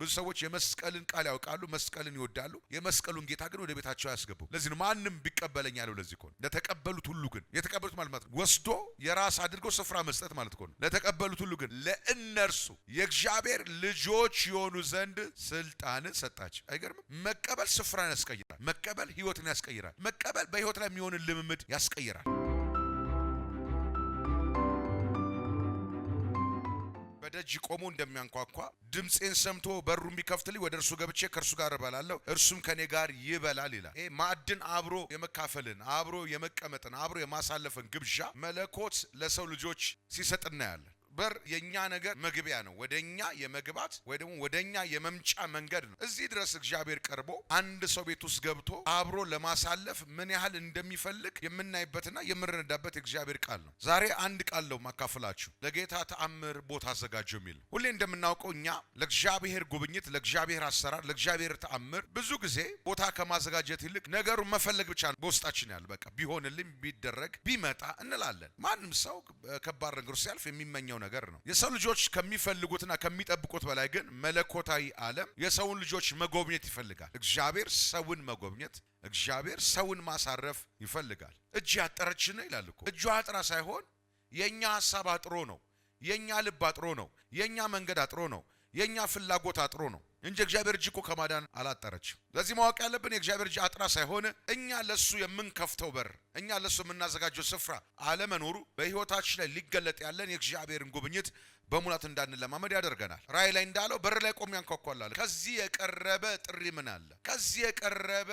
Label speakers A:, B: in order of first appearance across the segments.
A: ብዙ ሰዎች የመስቀልን ቃል ያውቃሉ፣ መስቀልን ይወዳሉ። የመስቀሉን ጌታ ግን ወደ ቤታቸው አያስገቡ። ለዚህ ነው ማንም ቢቀበለኝ ያለው። ለዚህ ከሆነ ለተቀበሉት ሁሉ ግን የተቀበሉት ማለት ማለት ወስዶ የራስ አድርጎ ስፍራ መስጠት ማለት ከሆነ ለተቀበሉት ሁሉ ግን ለእነርሱ የእግዚአብሔር ልጆች የሆኑ ዘንድ ስልጣንን ሰጣች። አይገርምም? መቀበል ስፍራን ያስቀይራል። መቀበል ህይወትን ያስቀይራል። መቀበል በህይወት ላይ የሚሆንን ልምምድ ያስቀይራል። ደጅ ቆሞ እንደሚያንኳኳ ድምፄን ሰምቶ በሩ የሚከፍትልኝ ወደ እርሱ ገብቼ ከእርሱ ጋር እበላለሁ፣ እርሱም ከኔ ጋር ይበላል ይላል። ይሄ ማዕድን አብሮ የመካፈልን አብሮ የመቀመጥን አብሮ የማሳለፍን ግብዣ መለኮት ለሰው ልጆች ሲሰጥ እናያለን። በር የእኛ ነገር መግቢያ ነው። ወደ እኛ የመግባት ወይ ደግሞ ወደ እኛ የመምጫ መንገድ ነው። እዚህ ድረስ እግዚአብሔር ቀርቦ አንድ ሰው ቤት ውስጥ ገብቶ አብሮ ለማሳለፍ ምን ያህል እንደሚፈልግ የምናይበትና የምንረዳበት እግዚአብሔር ቃል ነው። ዛሬ አንድ ቃል ለው ማካፍላችሁ ለጌታ ተአምር ቦታ አዘጋጀው የሚል ሁሌ እንደምናውቀው እኛ ለእግዚአብሔር ጉብኝት፣ ለእግዚአብሔር አሰራር፣ ለእግዚአብሔር ተአምር ብዙ ጊዜ ቦታ ከማዘጋጀት ይልቅ ነገሩን መፈለግ ብቻ ነው በውስጣችን ያለ። በቃ ቢሆንልኝ ቢደረግ ቢመጣ እንላለን። ማንም ሰው ከባድ ነገር ሲያልፍ የሚመኘው ነገር ነው። የሰው ልጆች ከሚፈልጉትና ከሚጠብቁት በላይ ግን መለኮታዊ ዓለም የሰውን ልጆች መጎብኘት ይፈልጋል። እግዚአብሔር ሰውን መጎብኘት፣ እግዚአብሔር ሰውን ማሳረፍ ይፈልጋል። እጅ ነው ይላል እኮ እጇ አጥራ ሳይሆን የእኛ ሀሳብ አጥሮ ነው፣ የእኛ ልብ አጥሮ ነው፣ የእኛ መንገድ አጥሮ ነው የእኛ ፍላጎት አጥሮ ነው እንጂ እግዚአብሔር እጅ እኮ ከማዳን አላጠረችም። ለዚህ ማወቅ ያለብን የእግዚአብሔር እጅ አጥራ ሳይሆን እኛ ለሱ የምንከፍተው በር፣ እኛ ለሱ የምናዘጋጀው ስፍራ አለመኖሩ በህይወታችን ላይ ሊገለጥ ያለን የእግዚአብሔርን ጉብኝት በሙላት እንዳንለማመድ ያደርገናል። ራእይ ላይ እንዳለው በር ላይ ቆሜ ያንኳኳላል። ከዚህ የቀረበ ጥሪ ምን አለ? ከዚህ የቀረበ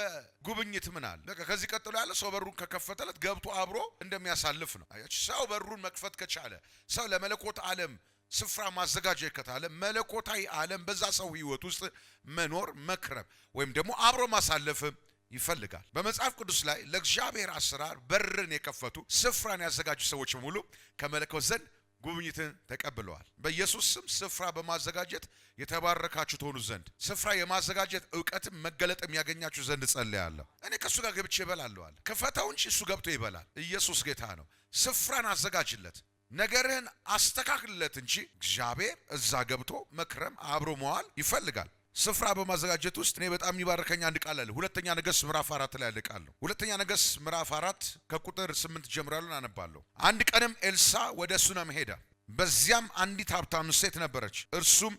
A: ጉብኝት ምን አለ? በቃ ከዚህ ቀጥሎ ያለ ሰው በሩን ከከፈተለት ገብቶ አብሮ እንደሚያሳልፍ ነው። ሰው በሩን መክፈት ከቻለ ሰው ለመለኮት ዓለም ስፍራ ማዘጋጀት ከታለ መለኮታዊ ዓለም በዛ ሰው ህይወት ውስጥ መኖር መክረም ወይም ደግሞ አብሮ ማሳለፍ ይፈልጋል። በመጽሐፍ ቅዱስ ላይ ለእግዚአብሔር አሰራር በርን የከፈቱ ስፍራን ያዘጋጁ ሰዎች በሙሉ ከመለኮት ዘንድ ጉብኝትን ተቀብለዋል። በኢየሱስ ስም ስፍራ በማዘጋጀት የተባረካችሁ ትሆኑ ዘንድ ስፍራ የማዘጋጀት እውቀትም መገለጥም ያገኛችሁ ዘንድ ጸልያለሁ። እኔ ከእሱ ጋር ገብቼ እበላለሁ አለ። ክፈተው እንጂ እሱ ገብቶ ይበላል። ኢየሱስ ጌታ ነው። ስፍራን አዘጋጅለት። ነገርህን አስተካክልለት እንጂ እግዚአብሔር እዛ ገብቶ መክረም አብሮ መዋል ይፈልጋል። ስፍራ በማዘጋጀት ውስጥ እኔ በጣም የሚባርከኝ አንድ ቃል አለ። ሁለተኛ ነገሥት ምዕራፍ አራት ላይ ያለ ሁለተኛ ነገሥት ምዕራፍ አራት ከቁጥር ስምንት ጀምራሉ አነባለሁ። አንድ ቀንም ኤልሳ ወደ ሱነም ሄደ። በዚያም አንዲት ሀብታም ሴት ነበረች። እርሱም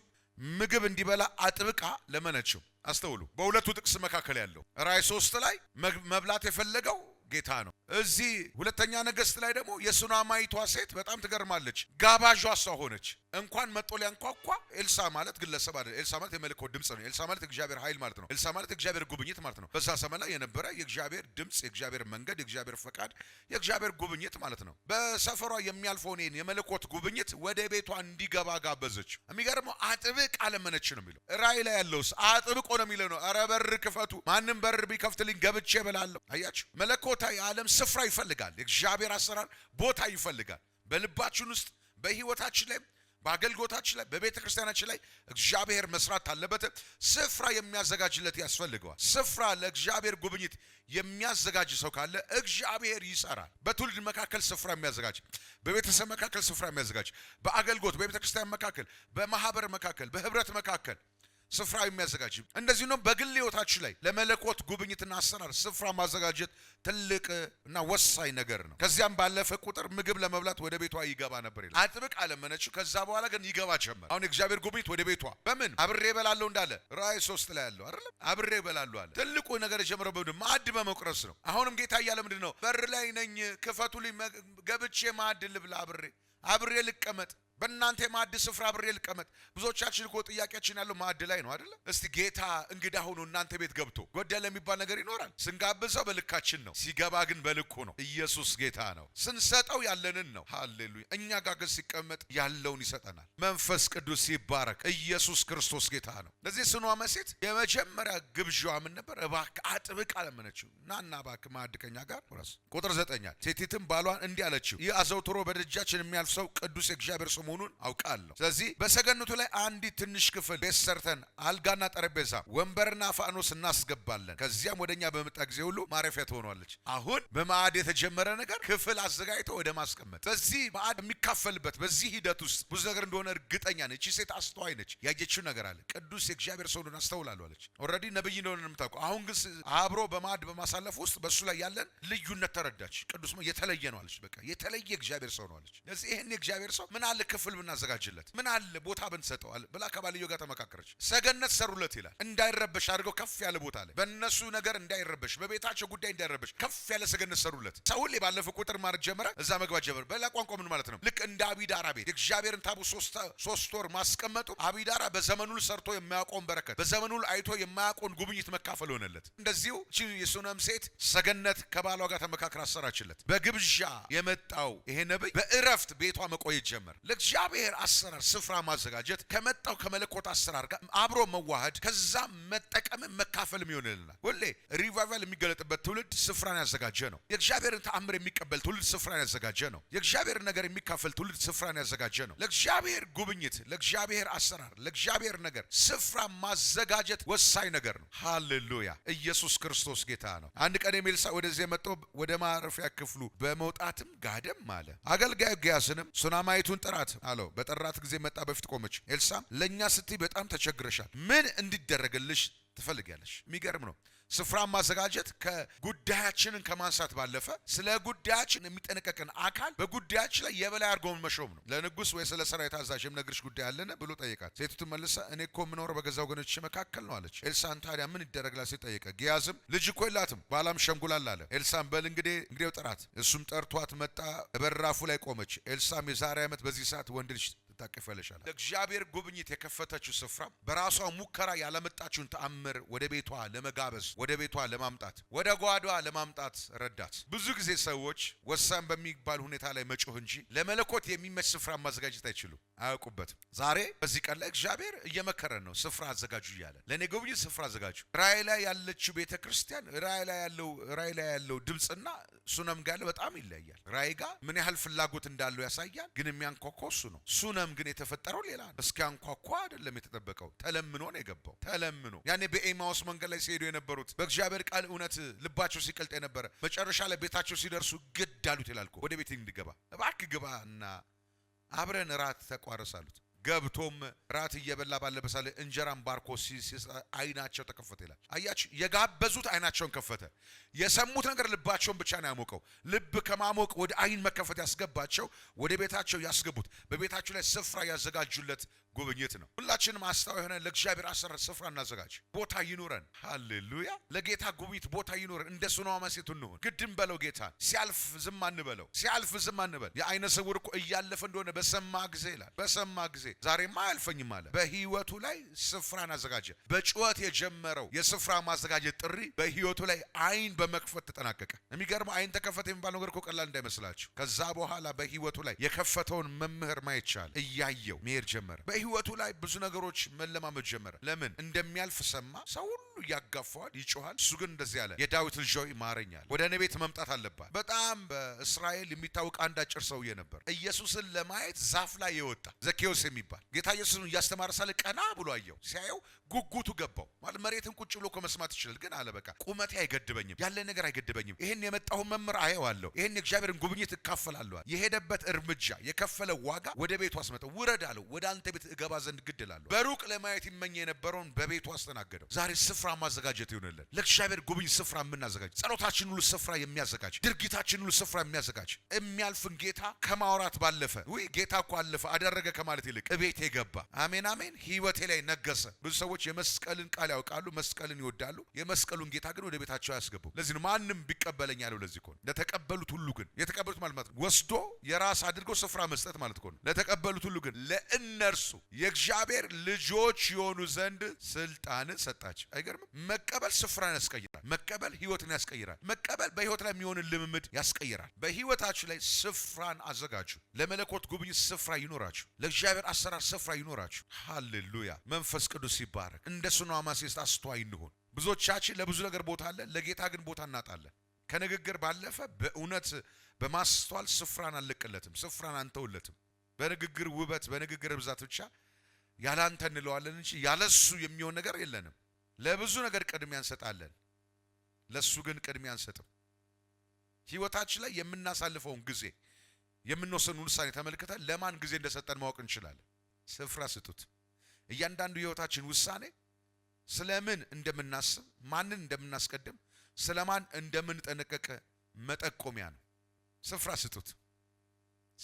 A: ምግብ እንዲበላ አጥብቃ ለመነችው። አስተውሉ፣ በሁለቱ ጥቅስ መካከል ያለው ራእይ ሶስት ላይ መብላት የፈለገው ጌታ ነው። እዚህ ሁለተኛ ነገሥት ላይ ደግሞ የሱናማይቷ ሴት በጣም ትገርማለች። ጋባዧ እሷ ሆነች። እንኳን መጦ ሊያንኳኳ ኤልሳ ማለት ግለሰብ አይደለም። ኤልሳ ማለት የመለኮት ድምፅ ነው። ኤልሳ ማለት እግዚአብሔር ኃይል ማለት ነው። ኤልሳ ማለት እግዚአብሔር ጉብኝት ማለት ነው። በዛ ዘመን ላይ የነበረ የእግዚአብሔር ድምፅ፣ የእግዚአብሔር መንገድ፣ የእግዚአብሔር ፈቃድ፣ የእግዚአብሔር ጉብኝት ማለት ነው። በሰፈሯ የሚያልፈውን ይህን የመለኮት ጉብኝት ወደ ቤቷ እንዲገባ ጋበዘች። የሚገርመው አጥብቅ አለመነች ነው የሚለው ራእይ ላይ ያለውስ አጥብቆ ነው የሚለው ነው። ኧረ በር ክፈቱ፣ ማንም በር ቢከፍትልኝ ገብቼ እበላለሁ። አያችሁ፣ መለኮታዊ ዓለም ስፍራ ይፈልጋል። የእግዚአብሔር አሰራር ቦታ ይፈልጋል። በልባችን ውስጥ በህይወታችን ላይ በአገልግሎታችን ላይ በቤተ ክርስቲያናችን ላይ እግዚአብሔር መስራት አለበት። ስፍራ የሚያዘጋጅለት ያስፈልገዋል። ስፍራ ለእግዚአብሔር ጉብኝት የሚያዘጋጅ ሰው ካለ እግዚአብሔር ይሰራል። በትውልድ መካከል ስፍራ የሚያዘጋጅ፣ በቤተሰብ መካከል ስፍራ የሚያዘጋጅ፣ በአገልግሎት በቤተ ክርስቲያን መካከል፣ በማህበር መካከል፣ በህብረት መካከል ስፍራ የሚያዘጋጅ እንደዚህ ነው። በግል ህይወታችን ላይ ለመለኮት ጉብኝትና አሰራር ስፍራ ማዘጋጀት ትልቅ እና ወሳኝ ነገር ነው። ከዚያም ባለፈ ቁጥር ምግብ ለመብላት ወደ ቤቷ ይገባ ነበር ይላል። አጥብቅ አለመነችው። ከዛ በኋላ ግን ይገባ ጀመር። አሁን የእግዚአብሔር ጉብኝት ወደ ቤቷ በምን አብሬ በላለሁ እንዳለ ራእይ ሶስት ላይ ያለው አይደለም አብሬ በላለሁ አለ። ትልቁ ነገር የጀመረው በምንድን ማዕድ በመቁረስ ነው። አሁንም ጌታ እያለ ምንድን ነው በር ላይ ነኝ፣ ክፈቱልኝ፣ ገብቼ ማዕድ ልብላ፣ አብሬ አብሬ ልቀመጥ በእናንተ የማዕድ ስፍራ ብሬ ልቀመጥ። ብዙዎቻችን እኮ ጥያቄያችን ያለው ማዕድ ላይ ነው አይደለ? እስቲ ጌታ እንግዳ ሆኖ እናንተ ቤት ገብቶ ጎደለ የሚባል ነገር ይኖራል። ስንጋብዘው በልካችን ነው፣ ሲገባ ግን በልኩ ነው። ኢየሱስ ጌታ ነው። ስንሰጠው ያለንን ነው። ሃሌሉያ። እኛ ጋር ግን ሲቀመጥ ያለውን ይሰጠናል። መንፈስ ቅዱስ ሲባረክ። ኢየሱስ ክርስቶስ ጌታ ነው። ለዚህ ስኗ መሴት የመጀመሪያ ግብዣዋ ምን ነበር? እባክ አጥብቅ አለመነችው። ናና እባክ ማዕድ ከኛ ጋር ቁረስ። ቁጥር ዘጠኛል ሴቲትም ባሏን እንዲህ አለችው፣ ይህ አዘውትሮ በደጃችን የሚያልፍ ሰው ቅዱስ የእግዚአብሔር ሰው መሆኑን አውቃለሁ። ስለዚህ በሰገነቱ ላይ አንዲት ትንሽ ክፍል ቤት ሰርተን አልጋና ጠረጴዛ ወንበርና ፋኖስ እናስገባለን። ከዚያም ወደኛ በመጣ ጊዜ ሁሉ ማረፊያ ትሆኗለች። አሁን በማዕድ የተጀመረ ነገር ክፍል አዘጋጅቶ ወደ ማስቀመጥ በዚህ ማዕድ የሚካፈልበት በዚህ ሂደት ውስጥ ብዙ ነገር እንደሆነ እርግጠኛ ነች። ይቺ ሴት አስተዋይ ነች። ያየችው ነገር አለ። ቅዱስ የእግዚአብሔር ሰው እንደሆነ አስተውላለሁ አለች። ኦልሬዲ ነብይ እንደሆነ የምታውቀው አሁን ግን አብሮ በማዕድ በማሳለፍ ውስጥ በእሱ ላይ ያለን ልዩነት ተረዳች። ቅዱስ የተለየ ነው አለች። በቃ የተለየ እግዚአብሔር ሰው ነው አለች። ስለዚህ ይህን የእግዚአብሔር ሰው ምን አልክ ክፍል ብናዘጋጅለት ምን አለ ቦታ ብንሰጠዋል ብላ ከባልዮ ጋር ተመካከረች። ሰገነት ሰሩለት ይላል። እንዳይረበሽ አድርገው ከፍ ያለ ቦታ ላይ በእነሱ ነገር እንዳይረበሽ፣ በቤታቸው ጉዳይ እንዳይረበሽ ከፍ ያለ ሰገነት ሰሩለት። ሰው ሁሌ ባለፈው ቁጥር ማለት ጀመረ፣ እዛ መግባት ጀመረ። በሌላ ቋንቋ ምን ማለት ነው? ልክ እንደ አቢዳራ ቤት የእግዚአብሔርን ታቦት ሶስት ወር ማስቀመጡ አቢዳራ በዘመኑ ሰርቶ የማያውቀውን በረከት በዘመኑ አይቶ የማያውቀውን ጉብኝት መካፈል ሆነለት። እንደዚሁ የሱነም ሴት ሰገነት ከባሏ ጋር ተመካከር አሰራችለት። በግብዣ የመጣው ይሄ ነብይ በእረፍት ቤቷ መቆየት ጀመር። በእግዚአብሔር አሰራር ስፍራ ማዘጋጀት ከመጣው ከመለኮት አሰራር ጋር አብሮ መዋሃድ፣ ከዛ መጠቀምን መካፈልም ይሆንልናል። ሁሌ ሪቫይቫል የሚገለጥበት ትውልድ ስፍራን ያዘጋጀ ነው። የእግዚአብሔርን ተአምር የሚቀበል ትውልድ ስፍራን ያዘጋጀ ነው። የእግዚአብሔርን ነገር የሚካፈል ትውልድ ስፍራን ያዘጋጀ ነው። ለእግዚአብሔር ጉብኝት፣ ለእግዚአብሔር አሰራር፣ ለእግዚአብሔር ነገር ስፍራ ማዘጋጀት ወሳኝ ነገር ነው። ሃሌሉያ! ኢየሱስ ክርስቶስ ጌታ ነው። አንድ ቀን ኤልሳዕ ወደዚህ የመጣው ወደ ማረፊያ ክፍሉ በመውጣትም ጋደም አለ። አገልጋዩ ገያዝንም ሱናማይቱን ጥራት አለው። በጠራት ጊዜ መጣ፣ በፊት ቆመች። ኤልሳም ለእኛ ስትይ በጣም ተቸግረሻል፣ ምን እንዲደረግልሽ ትፈልጊያለሽ? የሚገርም ነው። ስፍራ ማዘጋጀት ከጉዳያችንን ከማንሳት ባለፈ ስለ ጉዳያችን የሚጠነቀቅን አካል በጉዳያችን ላይ የበላይ አድርጎን መሾም ነው። ለንጉስ ወይ ስለ ሰራዊት አዛዥ የምነግርሽ ጉዳይ አለን ብሎ ጠየቃት። ሴቲቱን መልሳ እኔ እኮ የምኖረው በገዛ ወገኖች መካከል ነው አለች። ኤልሳን ታዲያ ምን ይደረግላት ሲል ጠየቀ። ጊያዝም ልጅ እኮ የላትም ባላም ሸምጉላል አለ። ኤልሳን በል እንግዲህ እንግዲው ጥራት። እሱም ጠርቷት መጣ። በራፉ ላይ ቆመች። ኤልሳም የዛሬ ዓመት በዚህ ሰዓት ወንድ ልጅ ታቀፊያለሻል። ለእግዚአብሔር ጉብኝት የከፈተችው ስፍራ በራሷ ሙከራ ያለመጣችውን ተአምር ወደ ቤቷ ለመጋበዝ ወደ ቤቷ ለማምጣት ወደ ጓዷ ለማምጣት ረዳት። ብዙ ጊዜ ሰዎች ወሳኝ በሚባል ሁኔታ ላይ መጮህ እንጂ ለመለኮት የሚመች ስፍራ ማዘጋጀት አይችሉም፣ አያውቁበትም። ዛሬ በዚህ ቀን ላይ እግዚአብሔር እየመከረን ነው። ስፍራ አዘጋጁ እያለ ለእኔ ጉብኝት ስፍራ አዘጋጁ። ራእይ ላይ ያለችው ቤተ ክርስቲያን ራእይ ላይ ያለው ራእይ ላይ ያለው ድምፅና ሱነም ጋር በጣም ይለያል። ራእይ ጋር ምን ያህል ፍላጎት እንዳለው ያሳያል። ግን የሚያንኳኳው እሱ ነው ሱነም ግን የተፈጠረው ሌላ ነው። እስኪያንኳኳ አይደለም የተጠበቀው፣ ተለምኖ ነው የገባው። ተለምኖ ያኔ በኤማውስ መንገድ ላይ ሲሄዱ የነበሩት በእግዚአብሔር ቃል እውነት ልባቸው ሲቀልጥ የነበረ መጨረሻ ላይ ቤታቸው ሲደርሱ ግድ አሉት ይላል እኮ ወደ ቤት እንዲገባ እባክህ እና አብረን እራት ተቋረሳሉት ገብቶም ራት እየበላ ባለበት ሳለ እንጀራን ባርኮ አይናቸው ተከፈተ ይላል። አያችሁ፣ የጋበዙት አይናቸውን ከፈተ። የሰሙት ነገር ልባቸውን ብቻ ነው ያሞቀው። ልብ ከማሞቅ ወደ አይን መከፈት ያስገባቸው፣ ወደ ቤታቸው ያስገቡት፣ በቤታቸው ላይ ስፍራ ያዘጋጁለት ጉብኝት ነው። ሁላችንም አስተዋይ የሆነ ለእግዚአብሔር አሰረ ስፍራ እናዘጋጅ፣ ቦታ ይኖረን። ሃሌሉያ! ለጌታ ጉብኝት ቦታ ይኖረን። እንደ ሱነማ ሴት እንሆን። ግድም በለው ጌታ ሲያልፍ ዝም አንበለው፣ ሲያልፍ ዝም አንበል። የአይነ ስውር እኮ እያለፈ እንደሆነ በሰማ ጊዜ ይላል። በሰማ ጊዜ ዛሬማ አያልፈኝም አለ። በህይወቱ ላይ ስፍራን አዘጋጀ። በጩኸት የጀመረው የስፍራ ማዘጋጀት ጥሪ በህይወቱ ላይ አይን በመክፈት ተጠናቀቀ። የሚገርመው አይን ተከፈተ የሚባል ነገር እኮ ቀላል እንዳይመስላችሁ። ከዛ በኋላ በህይወቱ ላይ የከፈተውን መምህር ማየት ቻለ። እያየው መሄድ ጀመረ። በህይወቱ ላይ ብዙ ነገሮች መለማመድ ጀመረ። ለምን እንደሚያልፍ ሰማ። ሰው ያጋፏል፣ ይጮሃል። እሱ ግን እንደዚህ አለ፣ የዳዊት ልጅ ይማረኛል፣ ወደ እኔ ቤት መምጣት አለባት። በጣም በእስራኤል የሚታወቅ አንድ አጭር ሰውዬ ነበር። ኢየሱስን ለማየት ዛፍ ላይ የወጣ ዘኬዎስ የሚባል ጌታ ኢየሱስን እያስተማረ ሳለ ቀና ብሎ አየው። ሲያየው ጉጉቱ ገባው። ማለት መሬትን ቁጭ ብሎ መስማት ይችላል፣ ግን አለ በቃ ቁመቴ አይገድበኝም፣ ያለ ነገር አይገድበኝም። ይህን የመጣሁን መምህር አየዋለሁ፣ ይህን የእግዚአብሔርን ጉብኝት እካፈላለዋል። የሄደበት እርምጃ የከፈለ ዋጋ ወደ ቤቱ አስመጠው። ውረድ አለው፣ ወደ አንተ ቤት እገባ ዘንድ ግድላለሁ። በሩቅ ለማየት ይመኝ የነበረውን በቤቱ አስተናገደው። ዛሬ ስፍራ ማዘጋጀት ይሆንልን። ለእግዚአብሔር ጉብኝ ስፍራ የምናዘጋጅ፣ ጸሎታችን ሁሉ ስፍራ የሚያዘጋጅ፣ ድርጊታችን ሁሉ ስፍራ የሚያዘጋጅ የሚያልፍን ጌታ ከማውራት ባለፈ ውይ ጌታ እኮ አለፈ አደረገ ከማለት ይልቅ እቤት የገባ አሜን አሜን፣ ህይወቴ ላይ ነገሰ። ብዙ ሰዎች የመስቀልን ቃል ያውቃሉ፣ መስቀልን ይወዳሉ። የመስቀሉን ጌታ ግን ወደ ቤታቸው አያስገቡ። ለዚህ ነው ማንም ቢቀበለኝ ያለው። ለዚህ ነው ለተቀበሉት ሁሉ ግን የተቀበሉት ማለት ወስዶ የራስ አድርጎ ስፍራ መስጠት ማለት ነው። ለተቀበሉት ሁሉ ግን ለእነርሱ የእግዚአብሔር ልጆች የሆኑ ዘንድ ስልጣን ሰጣቸው። አይገርምም? መቀበል ስፍራን ያስቀይራል። መቀበል ህይወትን ያስቀይራል። መቀበል በህይወት ላይ የሚሆንን ልምምድ ያስቀይራል። በህይወታችሁ ላይ ስፍራን አዘጋጁ። ለመለኮት ጉብኝት ስፍራ ይኖራችሁ። ለእግዚአብሔር አሰራር ስፍራ ይኖራችሁ። ሃሌሉያ! መንፈስ ቅዱስ ይባረክ። እንደ ሱነማይስ አስተዋይ እንሁን። ብዙዎቻችን ለብዙ ነገር ቦታ አለን፣ ለጌታ ግን ቦታ እናጣለን። ከንግግር ባለፈ በእውነት በማስተዋል ስፍራን አልለቅለትም፣ ስፍራን አንተውለትም። በንግግር ውበት፣ በንግግር ብዛት ብቻ ያላንተ እንለዋለን እንጂ ያለሱ የሚሆን ነገር የለንም። ለብዙ ነገር ቅድሚያ እንሰጣለን፣ ለሱ ግን ቅድሚያ አንሰጥም። ህይወታችን ላይ የምናሳልፈውን ጊዜ የምንወስነውን ውሳኔ ተመልክተን ለማን ጊዜ እንደሰጠን ማወቅ እንችላለን። ስፍራ ስጡት። እያንዳንዱ የህይወታችን ውሳኔ ስለምን እንደምናስብ፣ ማንን እንደምናስቀድም፣ ስለማን እንደምንጠነቀቅ መጠቆሚያ ነው። ስፍራ ስጡት።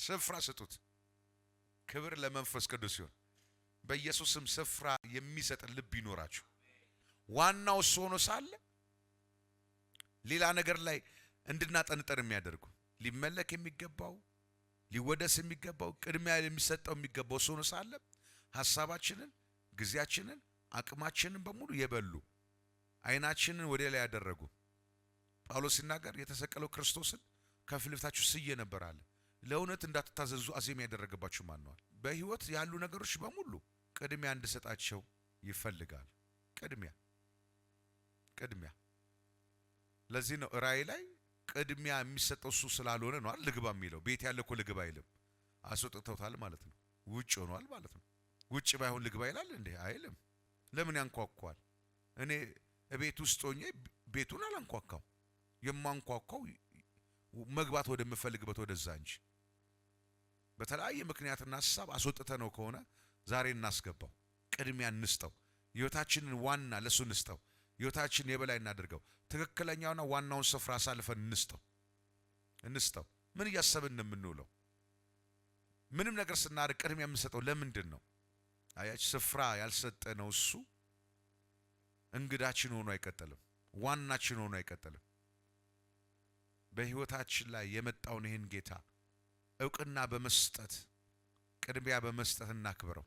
A: ስፍራ ስጡት። ክብር ለመንፈስ ቅዱስ ሲሆን በኢየሱስም ስፍራ የሚሰጥ ልብ ይኖራችሁ። ዋናው እሱ ሆኖ ሳለ ሌላ ነገር ላይ እንድናጠንጠር የሚያደርጉ ሊመለክ የሚገባው ሊወደስ የሚገባው ቅድሚያ የሚሰጠው የሚገባው እሱ ሆኖ ሳለ ሀሳባችንን፣ ጊዜያችንን፣ አቅማችንን በሙሉ የበሉ አይናችንን ወደ ላይ ያደረጉ ጳውሎስ ሲናገር የተሰቀለው ክርስቶስን ከፊልፍታችሁ ስዬ ነበር አለ። ለእውነት እንዳትታዘዙ አዜም ያደረገባችሁ ማነዋል? በህይወት ያሉ ነገሮች በሙሉ ቅድሚያ እንድሰጣቸው ይፈልጋል። ቅድሚያ ቅድሚያ ለዚህ ነው ራእይ ላይ ቅድሚያ የሚሰጠው እሱ ስላልሆነ ነው አይደል? ልግባ የሚለው ቤት ያለ እኮ ልግባ አይልም አስወጥተውታል ማለት ነው ውጭ ሆኗል ማለት ነው ውጭ ባይሆን ልግባ ይላል እንዴ አይልም ለምን ያንኳኳል እኔ ቤት ውስጥ ሆኜ ቤቱን አላንኳኳው። የማንኳኳው መግባት ወደምፈልግበት ወደዛ እንጂ በተለያየ ምክንያትና ሀሳብ አስወጥተ ነው ከሆነ ዛሬ እናስገባው ቅድሚያ እንስጠው ህይወታችንን ዋና ለሱ እንስጠው ህይወታችን የበላይ እናደርገው። ትክክለኛውና ዋናውን ስፍራ አሳልፈን እንስተው እንስተው። ምን እያሰብን ነው የምንውለው? ምንም ነገር ስናደርግ ቅድሚያ የምንሰጠው ለምንድን ነው? አያች ስፍራ ያልሰጠነው እሱ እንግዳችን ሆኖ አይቀጥልም፣ ዋናችን ሆኖ አይቀጥልም። በህይወታችን ላይ የመጣውን ይህን ጌታ እውቅና በመስጠት ቅድሚያ በመስጠት እናክብረው።